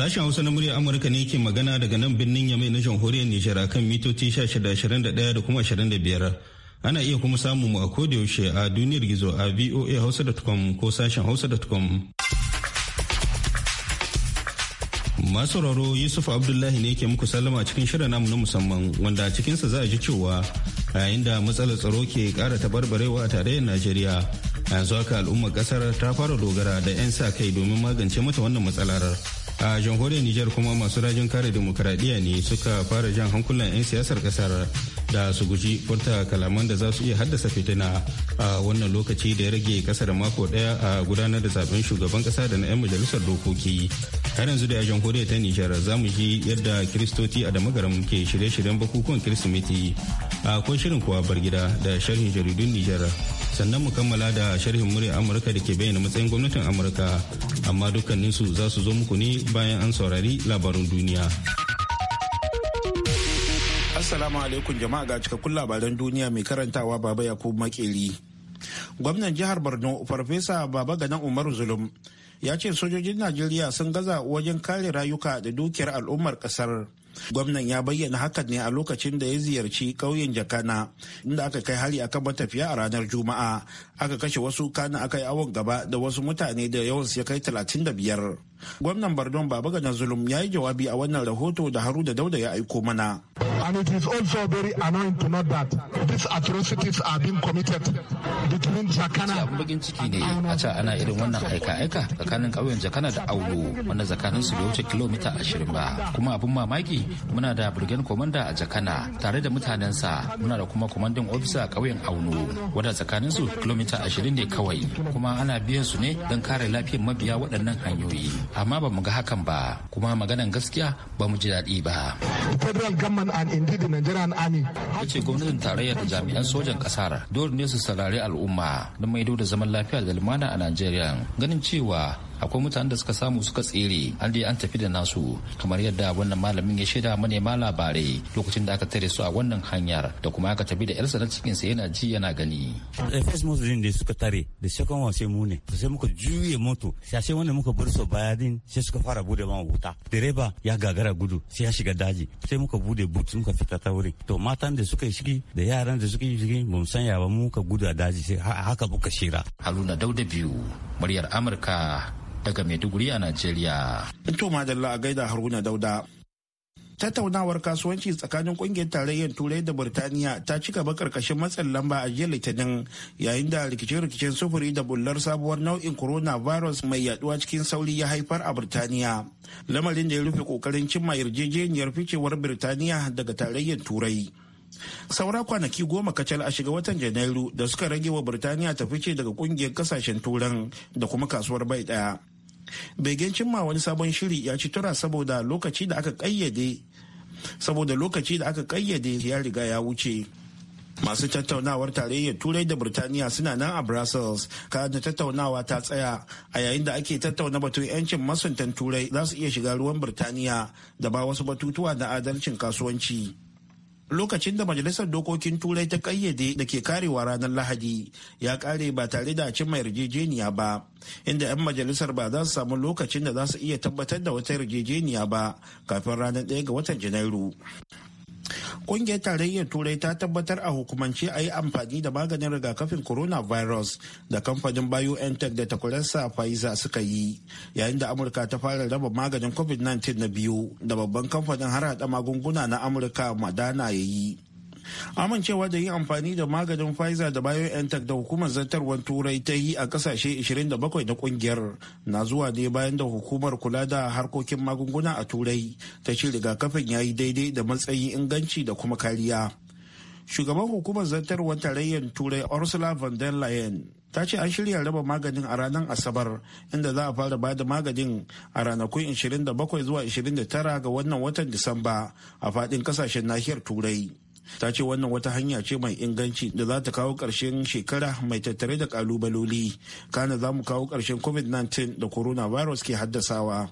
Sashen Hausa na muryar Amurka ne ke magana daga nan birnin Yamai na jamhuriyar Nijar kan mitoci 1621 da kuma biyar Ana iya kuma samun mu a yaushe a duniyar gizo a voa hausa.com ko sashen hausa da hausa.com. Masu sauraro Yusuf Abdullahi ne ke muku sallama a cikin shirin namu na musamman wanda a cikinsa za a ji cewa yayin da matsalar tsaro ke kara tabarbarewa a tarayyar Najeriya yanzu haka al'ummar kasar ta fara dogara da 'yan sa kai domin magance mata wannan matsalar. a jamhuriyar nijar kuma masu rajin kare demokaradiyya ne suka fara jan hankulan 'yan siyasar kasar da su guji furta kalaman da za su iya haddasa fitina a wannan lokaci da ya rage kasar mako daya a gudanar da zaben shugaban kasa da na 'yan majalisar dokoki har yanzu da a jamhuriyar ta nijar za mu ji yadda kiristoci a damagaram ke shirye-shiryen bukukuwan kirsimeti akwai shirin kuwa bar gida da sharhin jaridun nijar sannan mu kammala da sharhin murya amurka da ke bayyana matsayin gwamnatin amurka amma dukkaninsu za su zo muku ne bayan an saurari labarun duniya assalamu alaikum jama'a ga cikakkun labaran duniya mai karantawa baba yakubu Maƙeri. gwamnan jihar borno farfesa baba ganan umaru zulum ya ce sojojin najeriya sun gaza wajen kare rayuka da dukiyar al'ummar kasar gwamnan ya bayyana hakan ne a lokacin da ya ziyarci ƙauyen jakana inda aka kai hari akan matafiya a ranar juma'a aka kashe wasu kana aka yi awon gaba da wasu mutane da yawan su ya kai talatin da biyar. Gwamnan Bardon Babagana Zulum ya yi jawabi a wannan rahoto da Haru da Dauda ya aiko mana. And it is also very annoying to note that these atrocities are being committed between Jakana. Abin bakin ciki ne a ca ana irin wannan aika-aika tsakanin ƙauyen Jakana da aunu wanda tsakanin su bai wuce kilomita ashirin ba. Kuma abin mamaki muna da Brigade Commander a Jakana tare da mutanensa muna da kuma Commanding Officer a ƙauyen Aulo wanda tsakanin su kilomita ashirin ne kawai kuma ana biyan su ne don kare lafiyar mabiya waɗannan hanyoyi. amma ba mu ga hakan ba kuma maganan gaskiya ba mu ji daɗi ba. Federal government and indeed the Nigerian army. ce gwamnatin tarayya da jami'an sojan ƙasar dole ne su saurari al'umma don maido da zaman lafiya da lumana a Najeriya ganin cewa akwai mutanen da suka samu suka tsere an dai an tafi da nasu kamar yadda wannan malamin ya shaida manema labarai lokacin da aka tare su a wannan hanyar da kuma aka tafi da yarsa na cikin sa yana ji yana gani eh, first motor din da suka tare da second one sai mu ne sai muka juye moto sai wanda muka bar su baya din sai suka fara bude ma wuta direba ya gagara gudu sai ya shiga daji sai muka bude but muka fita ta wuri to matan da suka yi shigi da yaran da suka yi shigi mu san ya ba muka gudu a daji sai haka muka shira haruna dauda biyu muryar amurka daga Maiduguri a Najeriya. To madalla a gaida Haruna Dauda. Tattaunawar kasuwanci tsakanin kungiyar tarayyar Turai da Burtaniya ta ci gaba karkashin matsin lamba a jiya Litinin yayin da rikice-rikicen sufuri da bullar sabuwar nau'in coronavirus mai yaduwa cikin sauri ya haifar a Burtaniya. Lamarin da ya rufe kokarin cimma yarjejeniyar ficewar Burtaniya daga tarayyar Turai. saura kwanaki goma kacal a shiga watan janairu da suka rage wa birtaniya ta fice daga kungiyar kasashen turan da kuma kasuwar bai daya begen cimma wani sabon shiri ya ci tura saboda lokaci da aka kayyade saboda lokaci da aka kayyade ya riga ya wuce masu tattaunawar tarayyar turai da birtaniya suna nan a brussels kada tattaunawa ta tsaya a yayin da ake tattauna batun yancin masuntan turai za su iya shiga ruwan birtaniya da ba wasu batutuwa na adalcin kasuwanci lokacin da majalisar dokokin turai ta kayyade da ke karewa ranar lahadi ya kare ba tare da cimma yarjejeniya ba inda 'yan majalisar ba za su samu lokacin da za su iya tabbatar da wata yarjejeniya ba kafin ranar 1 ga watan janairu Ƙungiyar tarayyar Turai ta tabbatar a hukumance a yi amfani da maganin rigakafin coronavirus da kamfanin BioNTech da takwararsa Pfizer suka yi, yayin da Amurka ta fara raba maganin COVID-19 na biyu da babban kamfanin hada magunguna na Amurka Madana ya yi. amincewa da yin amfani da maganin pfizer da biontech da hukumar zartarwar turai ta yi a kasashe 27 na kungiyar na zuwa ne bayan da hukumar kula da harkokin magunguna a turai ta ce rigakafin ya yi daidai da matsayin inganci da kuma kariya shugaban hukumar zartarwar tarayyar turai ursula von der leyen ta ce an shirya raba maganin a ranar asabar inda za a fara ba da maganin a ranakun 27 zuwa 29 ga wannan watan disamba a faɗin kasashen nahiyar turai ta ce wannan wata hanya ce mai inganci da za ta kawo ƙarshen shekara mai tattare da ƙalubaloli kana za mu kawo ƙarshen covid-19 da coronavirus ke haddasawa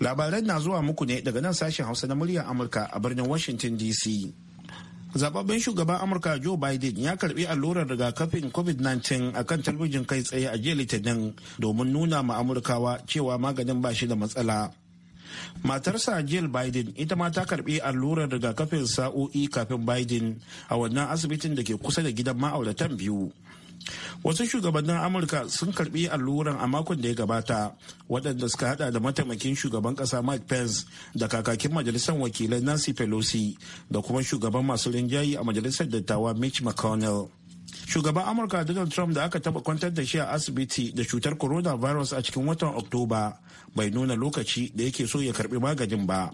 labaran na zuwa muku ne daga nan sashen hausa na muryar amurka a birnin washington dc zababben shugaban amurka joe biden ya karbi allurar rigakafin covid-19 a kan talbijin kai tsaye a jiya litinin domin nuna ma amurkawa cewa maganin ba shi da matsala matarsa jill biden ita ma ta karbi allurar rigakafin sa'o'i kafin biden a wannan asibitin da ke kusa da gidan ma'auratan biyu wasu shugabannin amurka sun karbi alluran a makon da ya gabata waɗanda suka hada da mataimakin shugaban ƙasa mike pence da kakakin majalisar wakilai nancy pelosi da kuma shugaban masu rinjayi a majalisar dattawa mitch mcconnell shugaban amurka donald trump da aka taba kwantar da shi a asibiti da cutar corona virus a cikin watan oktoba bai nuna lokaci da yake so ya karbi maganin ba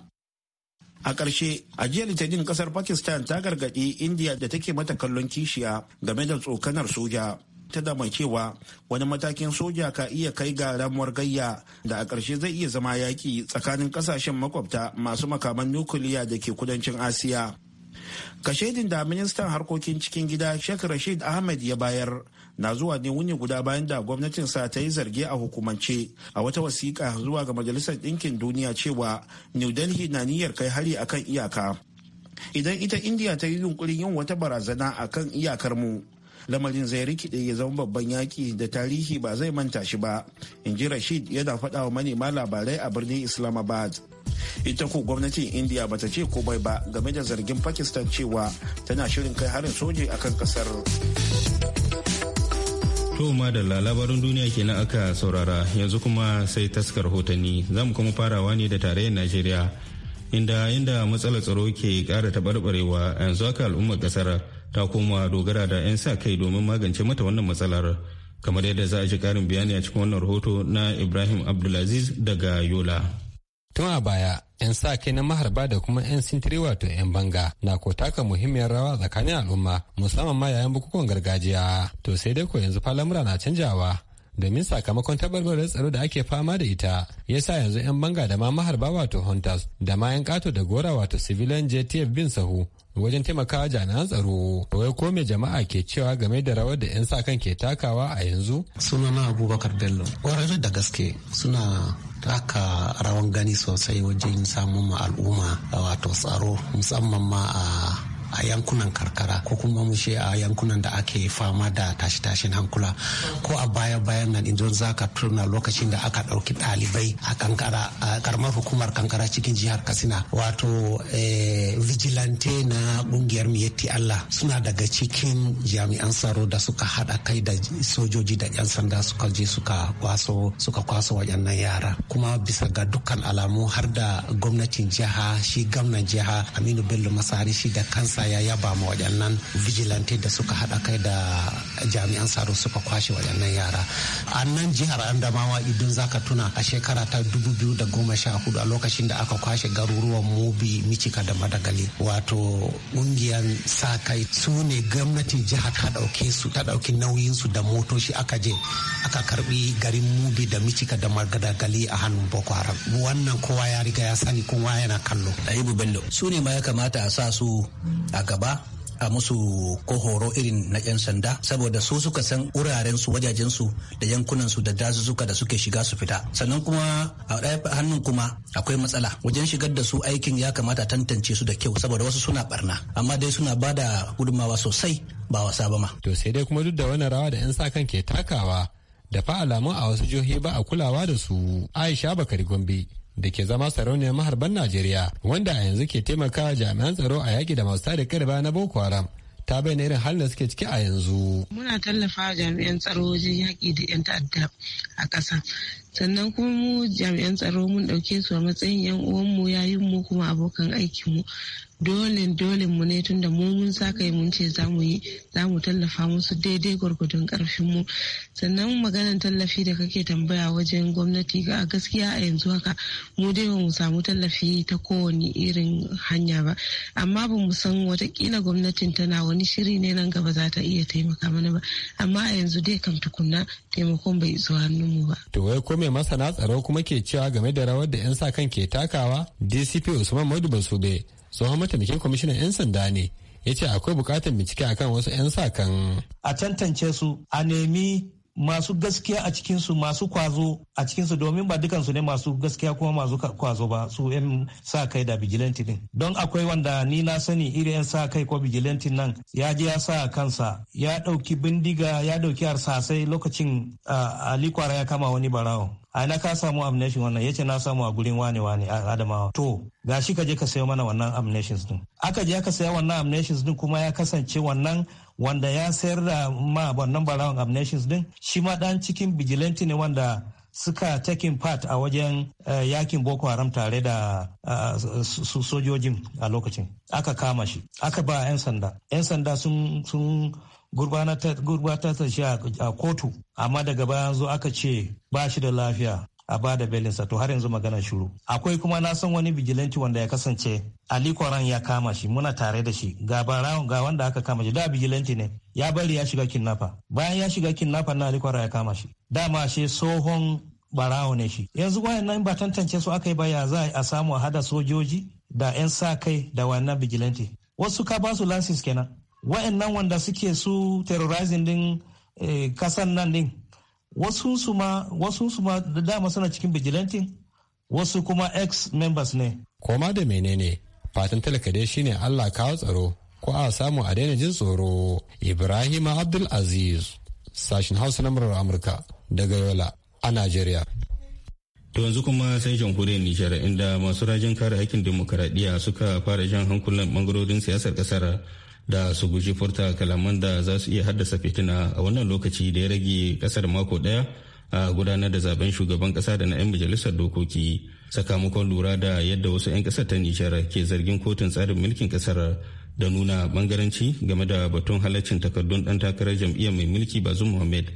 a ƙarshe a jiya litinin ƙasar pakistan ta gargaɗi india da take mata kallon kishiya game da tsokanar soja ta da mai cewa wani matakin soja ka iya kai ga ramuwar gayya da a ƙarshe zai iya zama yaƙi tsakanin ƙasashen makwabta masu makaman nukiliya da ke kudancin asiya kashedin da ministan harkokin cikin gida sheikh rashid ahmed ya bayar na zuwa ne wuni guda bayan da gwamnatin sa ta yi zarge a hukumance a wata wasiƙa zuwa ga majalisar ɗinkin duniya cewa new delhi na niyyar kai hari akan iyaka idan ita india ta yi yunkurin yin wata barazana akan iyakar mu lamarin zai rikide ya zama babban yaƙi da tarihi ba zai manta shi ba in ji rashid yana faɗa wa manema labarai a birnin islamabad ita ko gwamnatin india bata ce komai ba game da zargin pakistan cewa tana shirin kai harin soji akan kasar to madalla labarin duniya kenan aka saurara yanzu kuma sai taskar hotanni zamu kuma farawa ne da tarayyar najeriya inda inda matsalar tsaro ke kara taɓarɓarewa yanzu haka al'ummar kasar ta koma dogara da 'yan sa kai domin magance mata wannan matsalar kamar yadda za a ji karin bayani a cikin wannan rahoto na ibrahim abdulaziz daga yola tun a baya 'yan sa kai na maharba da kuma 'yan sintiri wato 'yan banga na ko taka muhimmiyar rawa tsakanin al'umma musamman ma yayin bukukuwan gargajiya to sai dai ko yanzu fa lamura na canjawa domin sakamakon tabarbarar tsaro da ake fama da ita ya sa yanzu 'yan banga da ma maharba wato hunters da ma 'yan kato da gora wato civilian jtf bin sahu wajen taimakawa jami'an tsaro wai ko mai jama'a ke cewa game da rawar da 'yan sa kan ke takawa a yanzu sunana abubakar bello ƙwararre da gaske suna taka rawan gani sosai wajen samun ma al'umma wato tsaro musamman ma a a yankunan karkara ko kuma mu a yankunan da ake fama da tashi-tashin hankula ko a baya-bayan nan idan za ka tuna lokacin da aka ɗauki ɗalibai a kankara a karamar hukumar kankara cikin jihar katsina wato eh, vigilante na ƙungiyar miyatti allah suna daga cikin jami'an tsaro da suka haɗa kai da sojoji da 'yan sanda suka je suka kwaso suka kwaso waɗannan yara kuma bisa ga dukkan alamu har da gwamnatin jiha shi gwamnan jiha aminu bello masari shi da kansa Aya ya yaba ma waɗannan vigilante da suka haɗa kai da jami'an tsaro suka kwashe waɗannan yara a nan jihar andamawa idan zaka tuna a shekara ta da goma sha hudu a lokacin da aka kwashe garuruwan mobi michika da madagali wato ƙungiyar sa kai su ne gwamnatin jihar ta ɗauke su ta ɗauki nauyin su da motoci aka je aka karbi garin mubi da michika da madagali a hannun boko haram wannan kowa ya riga ya sani kowa yana kallo su ne ma ya kamata a sa su a gaba a musu ko horo irin na 'yan sanda saboda su suka san wurarensu wajajensu da yankunansu da dazuzzuka da suke shiga su fita sannan kuma a ɗaya hannun kuma akwai matsala wajen shigar da su aikin ya kamata tantance su da kyau saboda wasu suna barna amma dai suna bada gudunmawa sosai ba wasa ba ma to sai dai kuma duk da wani rawa da 'yan sa kan ke takawa da fa alamun a wasu jihohi ba a kulawa da su aisha bakari gombe da ke zama sarauniyar maharban Najeriya wanda a yanzu ke taimakawa jami'an tsaro a yaki da masu tada karba na Boko Haram ta bayyana irin halin da suke ciki a yanzu. Muna tallafa jami'an tsaro wajen yaki da 'yan ta'adda a ƙasa sannan kuma mu jami'an tsaro mun ɗauke su a matsayin 'yan uwanmu yayin mu kuma abokan aikinmu dole dole mu ne tunda mu mun sa kai mun ce za mu yi za mu tallafa musu daidai gwargwadon karfin mu sannan maganar tallafi da kake tambaya wajen gwamnati ga gaskiya a yanzu haka mu dai ba mu samu tallafi ta kowane irin hanya ba amma ba mu san watakila gwamnatin tana wani shiri ne nan gaba za ta iya taimaka mana ba amma a yanzu dai kam tukunna taimakon bai zo hannun mu ba mai masana tsaro kuma ke cewa game da rawar da 'yan sa kan ke takawa dcp usman madu basube tsohon mataimakin kwamishinan 'yan sanda ne ya ce akwai bukatar bincike akan wasu 'yan sa kan a tantance su a nemi masu gaskiya a cikinsu masu kwazo a cikinsu domin ba dukansu ne masu gaskiya kuma masu kwazo ba su yan sa kai da bijilanti din don akwai wanda ni na sani irin yan sa kai ko vigilante nan ya je ya sa kansa ya dauki bindiga ya dauki harsasai lokacin ali ya kama wani barawo a na ka samu amnation wannan yace na samu a gurin wane wane a adamawa to gashi ka je ka sayo mana wannan amneshin din aka je aka saya wannan amneshin din kuma ya kasance wannan wanda ya sayar da ma wannan barawan amnations din shi ma dan cikin vigilante ne wanda suka taking part a wajen eh, yakin boko haram tare da eh, sojojin a lokacin aka kama shi aka ba 'yan sanda 'yan sanda sun gurbatar da shi a kotu amma daga bayan zo aka ce ba shi da lafiya a bada belinsa to har yanzu magana shuru akwai kuma na san wani vigilanti wanda ya kasance ali kwaran ya kama shi muna tare da shi ga barawon ga wanda aka kama shi da vigilanti ne ya bari ya shiga kidnapper bayan ya shiga kidnapper na ali kwaran ya kama shi dama shi tsohon barawo ne shi yanzu wayannan ba tantance su aka yi ba ya za a samu a hada sojoji da 'yan sa kai da wannan vigilante wasu ka ba su lansis kenan wayannan wanda suke su terrorizing din eh, kasan nan din wasu su ma da dama suna cikin bijilantin wasu kuma ex members ne koma da menene fatan talakade shi shine Allah kawo tsaro ko a samu a daina jin tsoro Ibrahim Abdul Aziz sashin Hausa na murar Amurka daga Yola a Najeriya To yanzu kuma sai jamhuriyar Nijar inda masu rajin kare haƙƙin dimokuraɗiyya suka fara jan hankulan bangarorin siyasar ƙasar da su guji furta kalaman da za su iya haddasa fitina a wannan lokaci da ya rage kasar mako daya a gudanar da zaben shugaban kasa da na 'yan majalisar dokoki sakamakon lura da yadda wasu 'yan kasar ta nijar ke zargin kotun tsarin mulkin kasar da nuna bangaranci game da batun halaccin takardun dan takarar jam'iyyar mai mulki bazum muhammad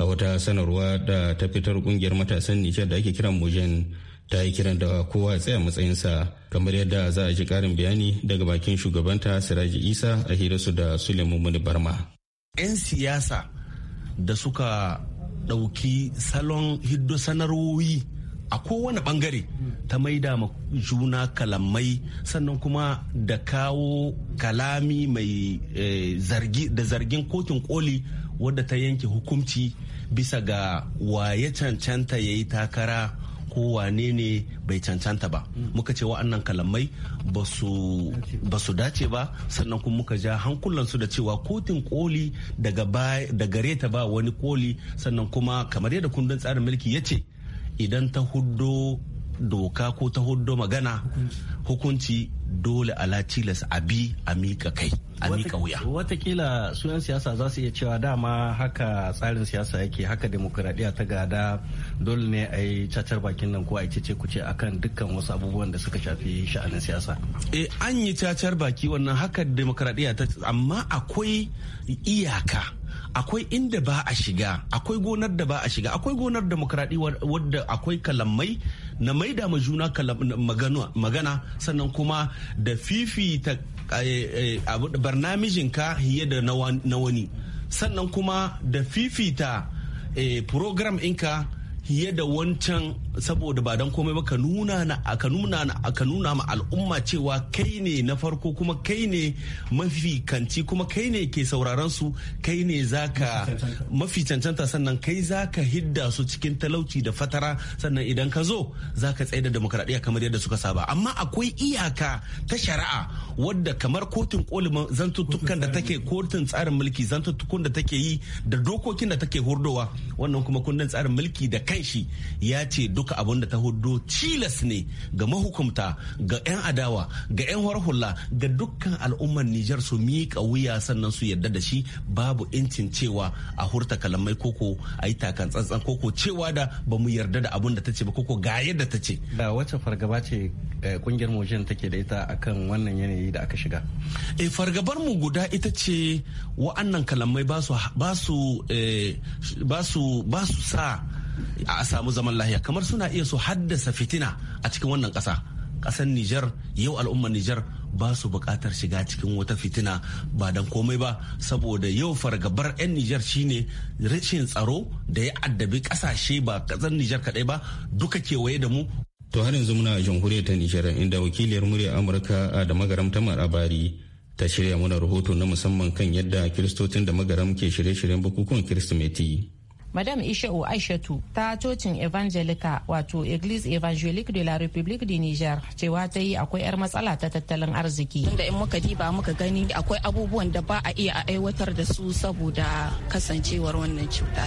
a wata sanarwa da ta fitar kungiyar matasan nijar da ake kiran mojen ta yi kiran da kowa ya tsaya matsayinsa kamar yadda za a ji karin bayani daga bakin shugabanta siraji isa a hirarsu da suleiman muni barma 'yan siyasa da suka ɗauki salon hiddo sanarwoyi a kowane bangare ta maida ma juna kalamai sannan kuma da kawo kalami mai eh, zargi da zargin kotun koli wadda ta yanke hukunci bisa ga waye cancanta ya yi takara ko wane ne bai cancanta ba mm. muka ce wa'annan kalamai ba su dace ba sannan kuma muka ja hankulansu da cewa kotun koli da gare ta ba wani koli sannan kuma kamar yadda kundin tsarin mulki ya ce idan ta huddo doka ko ta huddo magana hukunci dole ala tilas abi a miƙa kai a miƙa wuya. Watakila yan siyasa za su iya cewa dama haka tsarin siyasa yake haka demokuraɗiyya ta gada dole ne a yi cacar bakin nan ko a ce ku kuce akan dukkan wasu abubuwan da suka shafi sha'anin siyasa eh an yi cacar baki wannan haka demokradiyya ta amma akwai iyaka akwai inda ba a shiga akwai gonar da ba a shiga akwai gonar demokradi wadda akwai kalamai na maida ma juna magana sannan kuma da fifita eh, eh, barnamijinka hiye da na wani sannan kuma da fifita eh, program inka Yadda da wancan saboda ba dan komai ba ka nuna na aka nuna nuna ma al'umma cewa kai ne na farko kuma kai ne mafi kanci kuma kai ne ke sauraron su kai ne zaka mafi cancanta sannan kai zaka hidda su cikin talauci da fatara sannan idan ka zo zaka tsaye da demokradiyya kamar yadda suka saba amma akwai iyaka ta shari'a wadda kamar kotun kolimin zantuttukan da take kotun tsarin mulki zantuttukan da take yi da dokokin da take hurdowa wannan kuma kundin tsarin mulki da kai kanshi ya ce duka abin da ta hudu tilas ne ga mahukumta ga 'yan adawa ga 'yan hula ga dukkan al'ummar Nijar su miƙa wuya sannan su yarda da shi babu incin cewa a hurta kalamai koko a yi takan tsantsan koko cewa da ba mu yarda da abin da ta ce ba koko ga yadda ta ce. Da wacce fargaba ce kungiyar eh, Mojin take da ita akan wannan yanayi da aka shiga? eh fargabar mu guda ita ce wa'annan kalamai ba ba su eh, su ba su sa a samu zaman lahiya kamar suna iya su haddasa fitina a cikin wannan ƙasa ƙasar Nijar yau al'ummar Nijar ba su buƙatar shiga cikin wata fitina ba dan komai ba saboda yau fargabar 'yan Nijar shine rashin tsaro da ya addabi ƙasashe ba ƙasar Nijar kaɗai ba duka kewaye da mu To har yanzu muna jamhuriyar ta Nijar inda wakiliyar muryar Amurka da magaram ta Marabari ta shirya muna rahoto na musamman kan yadda kiristocin da magaram ke shirye-shiryen bukukuwan kiristimeti. madam isha'u aishatu ta cocin evangelica wato eglise evangelic de la republique de niger cewa ta yi akwai 'yar matsala ta tattalin arziki tunda in muka diba muka gani akwai abubuwan da ba a iya aiwatar da su saboda kasancewar wannan cuta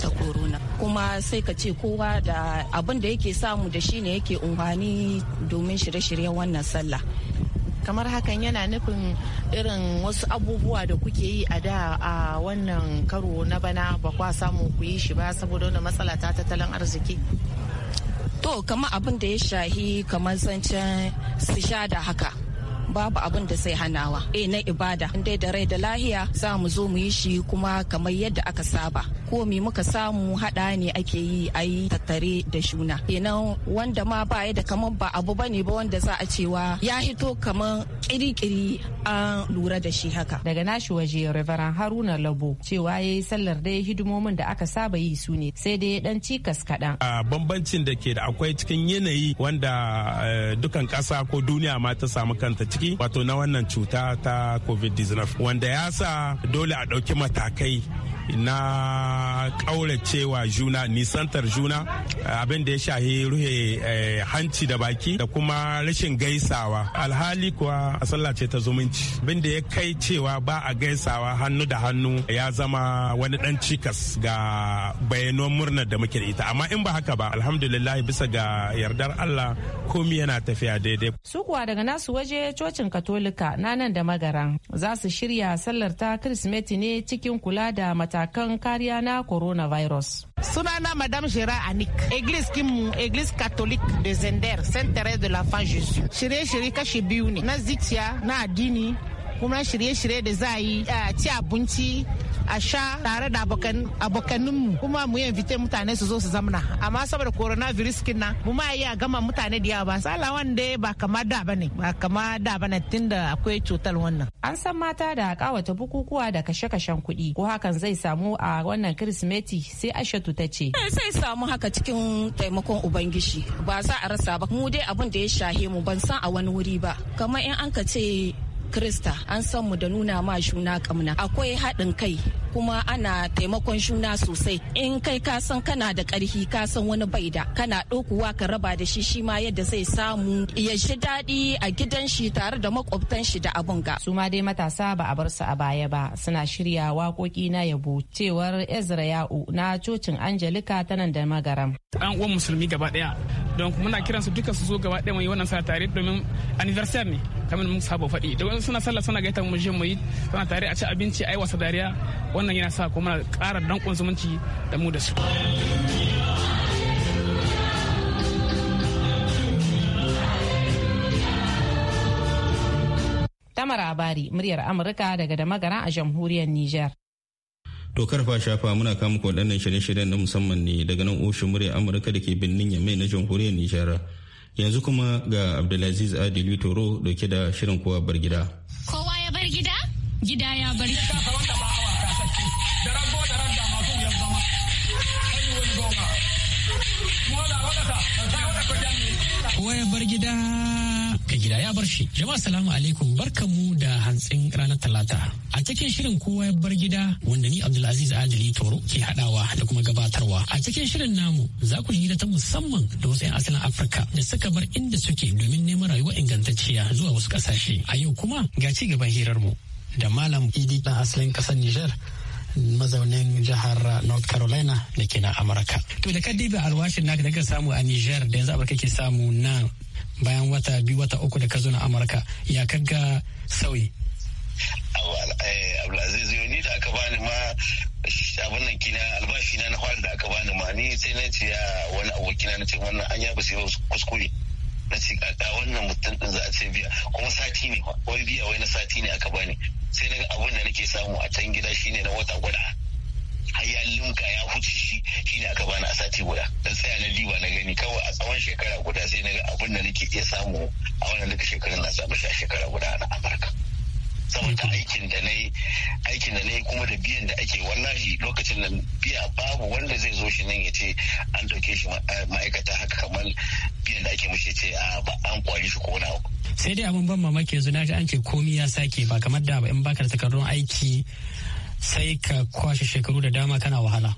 ta corona kuma sai ka ce kowa da abin da yake samu da shi ne yake unhani domin shirye-shiryen wannan sallah kamar hakan yana nufin irin wasu abubuwa da kuke yi a da a wannan karo na bana ba kwa samu ku yi shi ba saboda wani matsala ta tattalin arziki to kamar abin da ya shahi kamar zancen su sha da haka babu abin da sai hanawa eh na ibada dai da rai da lahiya za mu zo mu yi shi kuma kamar yadda aka saba komi muka samu hada ne ake yi a yi tattare da shuna kenan wanda ma ba ya da kamar ba abu bane ba wanda za a cewa ya hito kamar kirikiri an lura da shi haka daga nashi waje reverend haruna labo cewa ya yi sallar dai hidimomin da aka saba yi su ne sai dai dan cikas kaɗan a bambancin da ke da akwai cikin yanayi wanda eh, dukan ƙasa ko duniya ma ta samu kanta ciki wato na wannan cuta ta covid-19 wanda ya sa dole a ɗauki matakai na ƙauracewa juna nisantar juna eh, abin da ya shahi ruhe eh, hanci da baki da kuma rashin gaisawa alhali kuwa a sallah ta zumunci abin da ya kai cewa ba a gaisawa hannu da hannu ya zama wani dan cikas ga bayanon murnar da muke da ita amma in ba haka ba alhamdulillah bisa ga yardar Allah komi yana tafiya daidai su kuwa daga nasu waje cocin katolika na nan da magaran za su shirya sallar ta kirsimeti ne cikin kula da mata matakan kariya na coronavirus. Sunana Madame Gérard Anik, Église Kimu, Église catholique de Zender, Saint-Thérèse de l'Enfant Jésus. Shirye-shirye kashi biyu ne, na zikiya, na addini, kuma shirye-shirye da za a yi a ci abinci a sha tare da abokaninmu kuma mu yi invite mutane su zo su zamana amma saboda coronavirus kin nan mu ma a gama mutane da yawa ba sala wanda ba kama da bane ba kama da bane tunda akwai cutar wannan an san mata da kawata bukukuwa da kashe-kashen kuɗi ko hakan zai samu a wannan kirsimeti sai ashatu ta ce sai eh, samu haka cikin taimakon ubangiji ba za a rasa ba mu dai abun da ya shahe mu ban san a wani wuri ba kamar in an ka ce krista an san mu da nuna ma juna kamna akwai haɗin kai kuma ana taimakon juna sosai in kai ka san kana da karhi ka san wani bai da kana dokuwa ka raba da shi shi ma yadda zai samu ya shi daɗi a gidan shi tare da makwabtan shi da abun ga su ma dai matasa ba a bar su a baya ba suna shirya waƙoƙi na yabo cewar Ezra Ya'u na cocin Angelika ta nan da magaram an uwan musulmi gaba daya don muna kiransu duka su zo gaba daya mu yi wannan sa tare domin anniversary ne kamar mun saba faɗi da wani suna sallah suna gaita mu je mu yi suna tare a ci abinci a yi wasa dariya wannan yana sa kuma kara danƙon zumunci da mu da su Tamara Abari, muryar Amurka daga Damagara a jamhuriyar Nijar. Dokar shafa muna kama ku waɗannan shirye-shiryen na musamman ne daga nan oshin muryar Amurka da ke birnin Yamai na jamhuriyar Nijar. Yanzu kuma ga Abdulaziz Adilu Toro dauke da shirin kowa bar gida. Kowa ya bar gida? Gida ya bar gida. ya bar gida ka gida ya bar shi. Jama'a salamu alaikum barkamu da hantsin ranar talata. A cikin shirin kowa ya bar gida wanda ni Abdulaziz Adili Toro ke haɗawa da kuma gabatarwa. A cikin shirin namu za ku hira ta musamman da wasu 'yan asalin Afirka da suka bar inda suke domin neman rayuwa ingantacciya zuwa wasu ƙasashe. A yau kuma ga ci gaban hirar mu da Malam Idi na asalin ƙasar Nijar mazaunin jihar north carolina da ke na amurka to da kadiba alwashin naka da ka samu a niger da yanzu amurka ke samu na bayan wata biyu wata uku da ka zo na amurka ya kaga sauyi eh, abdulaziz ni da aka bani ma abin nan kina albashi na na da aka bani ma ni sai na ce ya wani abokina na ce wannan an ya ba kuskure na ce kaka wannan mutum din za a ce biya kuma sati ne wai biya wai na sati ne aka bani sai na abin da nake samu a can gida shine na wata guda har ya linka ya huce shi shine aka bani a sati guda dan tsaya na diba na gani kawai a tsawon shekara guda sai na ga abin da nake iya samu a wannan duka shekarun na samu shi a shekara guda na amurka saboda aikin da nayi aikin da yi kuma da biyan da ake wallahi lokacin da biya babu wanda zai zo shi nan ya ce an dauke shi eh, ma'aikata haka kamar biyan da ake mushi ce a ah, ba an kwari shi ko na sai dai abin ban mamaki yanzu na ji an ce komi ya sake ba kamar da in baka da takardun aiki sai ka kwashe shekaru da dama kana wahala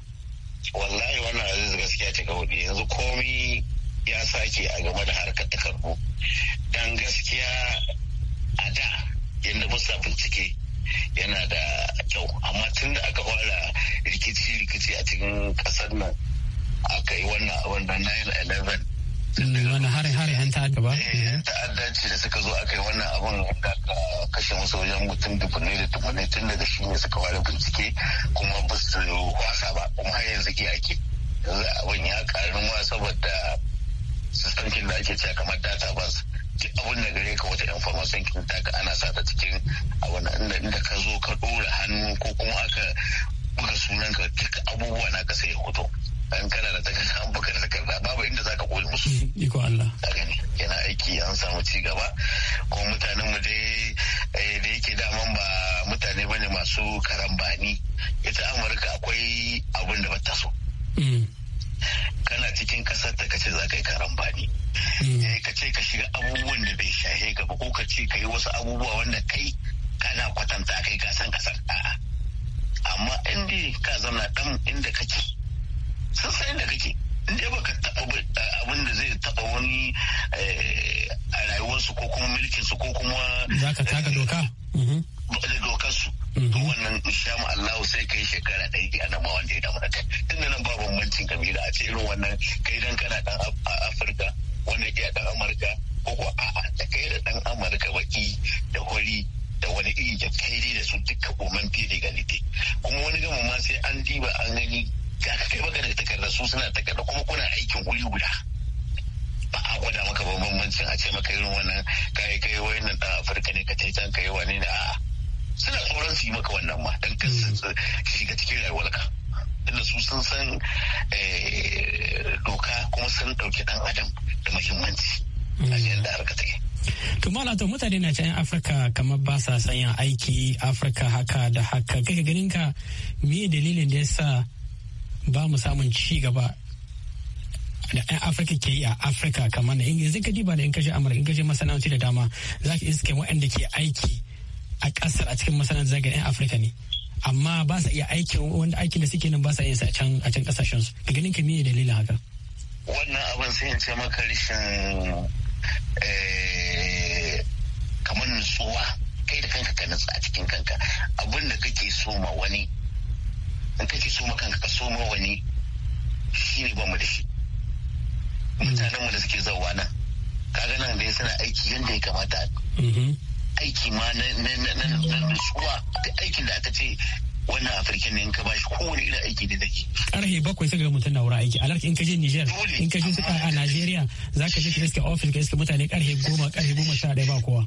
wallahi wannan aziz gaskiya ta gaudi yanzu komi ya sake a game da harkar takardu dan gaskiya a da yadda musa bincike yana da kyau amma tun da aka fara rikici-rikici a cikin kasar nan aka yi wannan abin da 9-11 wani hare-hare yan ta'adda ba? Eh, yan ce da suka zo aka yi wannan abin da aka kashe musu wajen mutum dubunai da dubunai tun daga shi ne suka fara bincike kuma ba su wasa ba kuma har yanzu ke ake yanzu abin ya karu ma saboda sistemkin da ake cewa kamar data bus abin da gare ka wata information kin taka ana sa ta cikin abin inda inda ka zo ka dora hannu ko kuma aka buga sunan ka duk abubuwa na ka sai ya hoto an kana da takarda an da takarda babu inda zaka koyi musu iko Allah yana aiki an samu ci gaba ko mutanen mu dai eh, da yake daman ba mutane bane masu karambani ita Amurka akwai abin da bata so mm. kana cikin kasar ta kace za ka yi karambani Eh, ka ce ka shiga abubuwan da bai shahe ka ba ko ka ce ka yi wasu abubuwa wanda kai kana kwatanta kai ka san kasar a'a amma in dai ka zauna dan inda kake sun san inda kake in dai baka taɓa abin da zai taɓa wani eh, a rayuwarsu ko kuma mulkinsu ko kuma za ka taka doka mhm. da dokar su mhm. to wannan insha Allah sai kai shekara ɗaya ki ana ba wanda ya damu da kai tunda nan ba bambancin kabila a ce irin wannan kai dan kana dan Afirka wani ya dan amurka ko ko a'a da kai da dan amurka baki da hori da wani iri da kai da su duka koman fiye da kuma wani gama ma sai an diba an gani ga kai maka da takarda su suna takarda kuma kuna aikin wuri guda ba a gwada maka bambancin a ce maka irin wannan kai kai nan dan afirka ne ka ce can kai wani ne a'a suna tsoron su yi maka wannan ma dan kan shiga cikin rayuwar ka inda su sun san eh, doka kuma sun ɗauki ɗan adam muhimmanci mm. a yadda harka take to mutane na can afirka kamar ba sa son yin aiki afirka haka da haka kai ganin ka me dalilin da yasa ba mu samun ci gaba da yan afirka ke yi a afirka kamar na zai ka diba da in kashe amurka in kashe masana'antu da dama za ka iske waɗanda ke aiki a ƙasar a cikin masana'antu zaga yan afirka ne amma ba sa iya aikin wanda aikin da suke nan ba sa yin sa a can kasashen su ka ganin ka me dalilin haka wannan abin sai in ce maka rishin eh, kamar nutsuwa kai da kanka ka nutsu a cikin kanka abin da kake so ma wani in kake so ma kanka ka so ma wani shi ne bamu da shi mutanen mu da suke zauwa nan kaga nan dai suna aiki yadda ya kamata mm-hmm. aiki ma na nutsuwa da aikin da aka ce wannan afirka ne in ka bashi kowane irin aiki ne take. karfe bakwai sai ga mutum na wurin aiki alert in ka je Niger in ka je suka a Najeriya ka je ka iske office ka iske mutane karhe goma karhe goma sha ɗaya ba kowa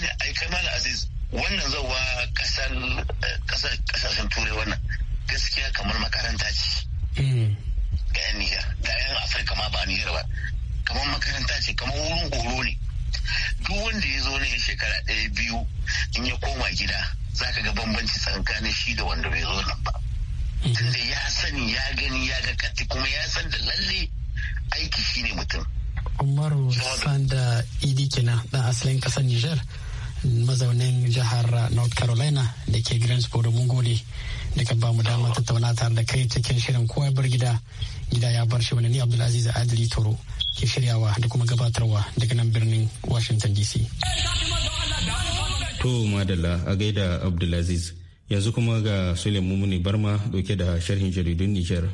ne ai Kamal Aziz wannan zawa kasar eh, kasar kasashen turai wannan gaskiya kamar makaranta ce hmm. ga yan Niger ga yan Afirka ma ba Niger ba kamar makaranta ce kamar wurin horo ne duk wanda ya zo ne shekara ɗaya biyu in ya koma gida za ka ga bambanci tsakanin shi da wanda bai zo nan ba mhm. tunda ya sani ya gani ya ga kati kuma ya san da lalle aiki shine mutum umaru sanda idi kenan ɗan asalin ƙasar nijar mazaunin jihar north carolina da ke greensboro mun gode da ka bamu dama tattauna tare da kai cikin shirin kowa bar gida gida ya bar shi wani ni abdulaziz adili toro ke shiryawa da kuma gabatarwa daga nan birnin washington dc To madalla a gaida Abdulaziz yanzu kuma ga Suleiman Mumuni Barma dauke da sharhin jaridun Nijar.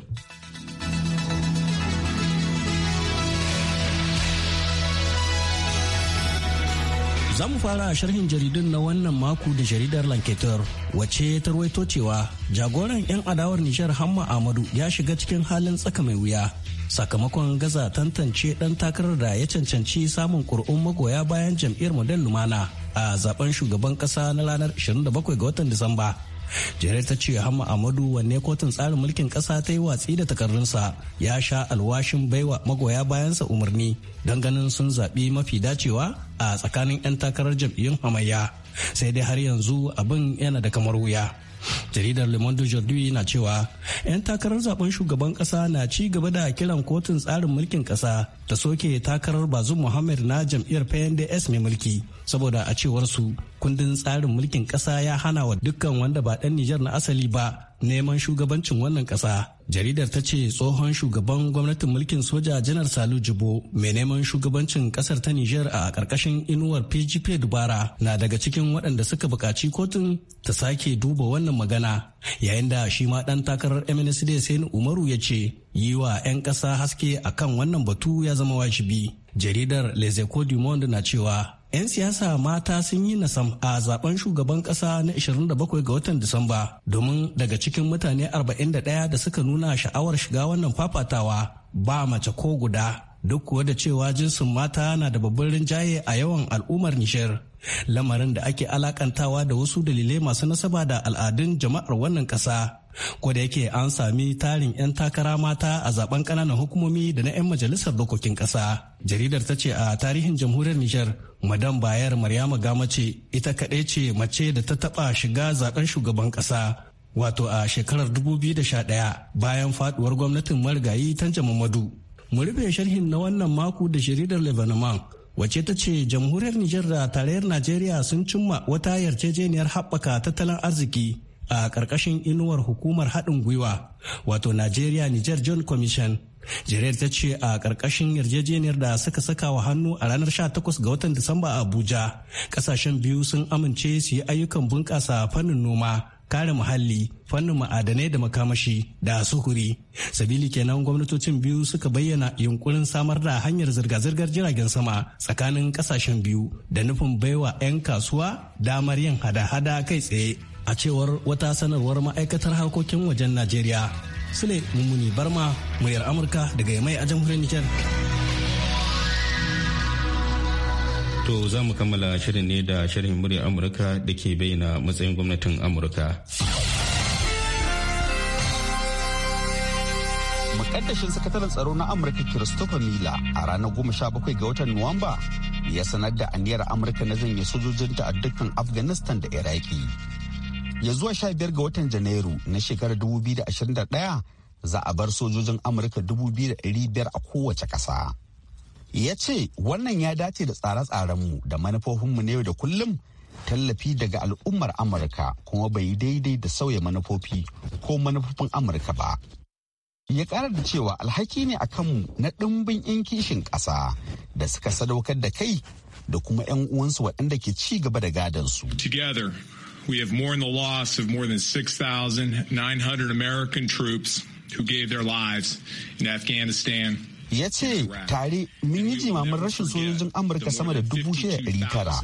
Za mu fara sharhin jaridun na wannan mako da jaridar Lanketer wacce ta rawaito cewa jagoran 'yan adawar Nijar Hamma Ahmadu ya shiga cikin halin tsaka mai wuya sakamakon gaza tantance dan takarar da ya cancanci samun ƙuri'un magoya bayan jam'iyyar Model Lumana. a zaben shugaban kasa na ranar 27 ga watan Disamba. jere ta ce hama amadu wanne kotun tsarin mulkin kasa ta yi watsi da takardunsa ya sha alwashin baiwa magoya bayansa umarni don ganin sun zaɓi mafi dacewa a tsakanin 'yan takarar jam'iyyun hamayya sai dai har yanzu abin yana da kamar wuya jaridar le monde aujourd'hui na cewa 'yan takarar zaben shugaban kasa na ci gaba da kiran kotun tsarin mulkin kasa ta soke takarar bazum muhammad na jam'iyyar pnds mai mulki saboda a cewar su kundin tsarin mulkin kasa ya hana wa dukkan wanda ba dan nijar na asali ba neman shugabancin wannan kasa jaridar ta ce tsohon shugaban gwamnatin mulkin soja janar salu jibo mai neman shugabancin kasar ta niger a karkashin inuwar pgp dubara na daga cikin waɗanda suka buƙaci kotun ta sake duba wannan magana yayin da shi ma ɗan takarar mnsd sani umaru ya ce yi wa 'yan ƙasa haske akan wannan batu ya zama wajibi jaridar lezeko du na cewa 'yan siyasa mata sun yi nasam a zaben shugaban kasa na 27 ga watan Disamba domin daga cikin mutane 41 da suka nuna sha'awar shiga wannan fafatawa ba mace ko guda duk kuwa da cewa jinsin mata na da babban rinjaye a yawan al'ummar Nijar. Lamarin da ake alakantawa da wasu dalilai masu nasaba da al'adun jama'ar wannan ƙasa. ko da yake an sami tarin 'yan takara mata a zaben kananan hukumomi da na 'yan majalisar dokokin kasa jaridar ta ce a tarihin jamhuriyar nijar madam bayar maryama gama ce ita kaɗai ce mace da ta taɓa shiga zaben shugaban ƙasa wato a shekarar 2011 bayan faduwar gwamnatin marigayi ta jamamadu mu rufe sharhin na wannan mako da jaridar lebanon wace ta ce jamhuriyar nijar da tarayyar najeriya sun cimma wata yarjejeniyar haɓaka tattalin arziki a ƙarƙashin inuwar hukumar haɗin gwiwa wato nigeria niger john commission Jirar ta ce a ƙarƙashin yarjejeniyar da suka saka wa hannu a ranar 18 ga watan Disamba a Abuja, ƙasashen biyu sun amince su yi ayyukan bunƙasa fannin noma, kare muhalli, fannin ma'adanai da makamashi da sukuri. Sabili kenan gwamnatocin biyu suka bayyana yunkurin samar da hanyar zirga-zirgar jiragen sama tsakanin ƙasashen biyu da nufin baiwa 'yan kasuwa damar yin hada-hada kai tsaye. A cewar wata sanarwar ma'aikatar harkokin wajen Najeriya. Sule Mummuni Barma, muryar Amurka daga Yamai a jamhuriyar Nijar. To za mu kammala shirin ne da shirin muryar Amurka da ke bayyana matsayin gwamnatin Amurka. Mukaddashin sakataren tsaro na Amurka Christopher Miller a ranar goma sha bakwai ga watan Nuwamba ya sanar da aniyar Amurka na zanye sojojinta a dukkan Afghanistan da Iraki. ya zuwa 15 ga watan janairu na shekarar 2021 za a bar sojojin amurka 2,500 a kowace ƙasa ya ce wannan ya dace da tsare-tsarenmu da manufofinmu na yau da kullum tallafi daga al'ummar amurka kuma bai daidai da sauya manufofi ko manufofin amurka ba ya ƙara da cewa alhaki ne a kanmu na ɗimbin 'yan kishin ƙasa da suka sadaukar da kai da kuma 'yan uwansu waɗanda ke ci gaba da gadansu. su. We have mourned the loss of more than 6,900 American troops who gave their lives in Afghanistan. Ya ce, tare mun yi jimamin rashin sojojin Amurka sama da dubu tara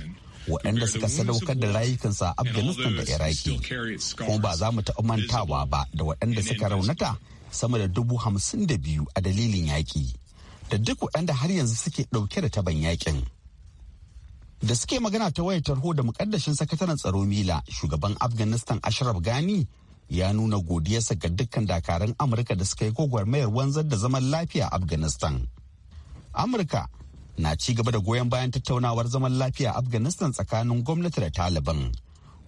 waɗanda suka sadaukar da rayukansa a Afghanistan da Iraki. Kuma ba za mu taɓa mantawa ba da waɗanda suka raunata sama da dubu hamsin da biyu a dalilin yaƙi. Da duk waɗanda har yanzu suke ɗauke da taban yaƙin. da suke magana ta wayar tarho da mukaddashin sakataren tsaro mila shugaban afghanistan ashraf gani ya nuna godiyarsa ga dukkan dakarun amurka da suka yi gwagwarmayar wanzar da zaman lafiya a afghanistan amurka na ci gaba da goyon bayan tattaunawar zaman lafiya a afghanistan tsakanin gwamnati da taliban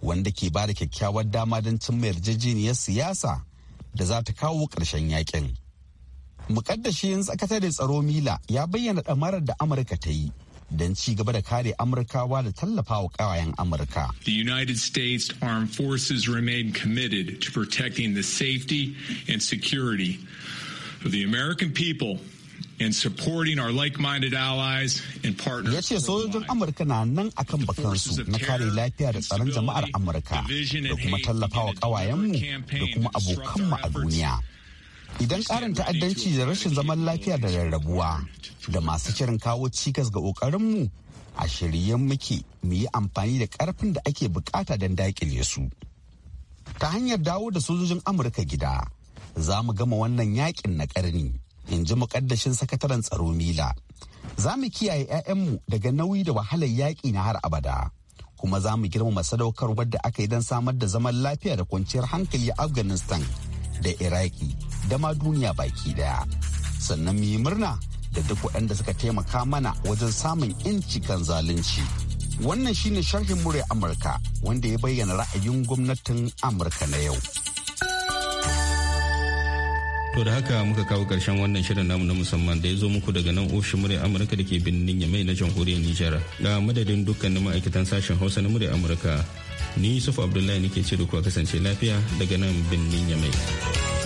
wanda ke ba da kyakkyawar dama don cimma yarjejeniyar siyasa da za ta kawo ƙarshen yakin mukaddashin tsakatar tsaro mila ya bayyana ɗamarar da amurka ta yi don ci gaba da kare Amurkawa da tallafawa kawayen Amurka. The United States Armed Forces remain committed to protecting the safety and security of the American people in supporting our like-minded allies and partners. Ya ce sojojin Amurka na nan akan bakansu na kare lafiya da tsaron jama'ar Amurka da kuma tallafawa ƙawayenmu da kuma abokanmu a duniya. idan karin ta'addanci da rashin zaman lafiya da rarrabuwa da masu kirin kawo cikas ga ƙoƙarinmu a shirye muke mu yi amfani da ƙarfin da ake bukata don daƙile su ta hanyar dawo da sojojin amurka gida za mu gama wannan yakin na ƙarni in ji muƙaddashin sakataren tsaro mila za mu kiyaye 'ya'yanmu daga nauyi da wahalar yaƙi na har abada kuma za mu girmama sadaukarwar da aka yi don samar da zaman lafiya da kwanciyar hankali a afghanistan da iraki da ma duniya baki daya sannan mu yi murna da duk waɗanda suka taimaka mana wajen samun yanci kan zalunci wannan shine sharhin murya amurka wanda ya bayyana ra'ayin gwamnatin amurka na yau to da haka muka kawo karshen wannan shirin namu na musamman da ya zo muku daga nan ofishin murya amurka da ke birnin yamai na jamhuriyar nijar ga madadin dukkanin ma'aikatan sashen hausa na murya amurka ni yusuf abdullahi nake ce da kuwa kasance lafiya daga nan birnin yamai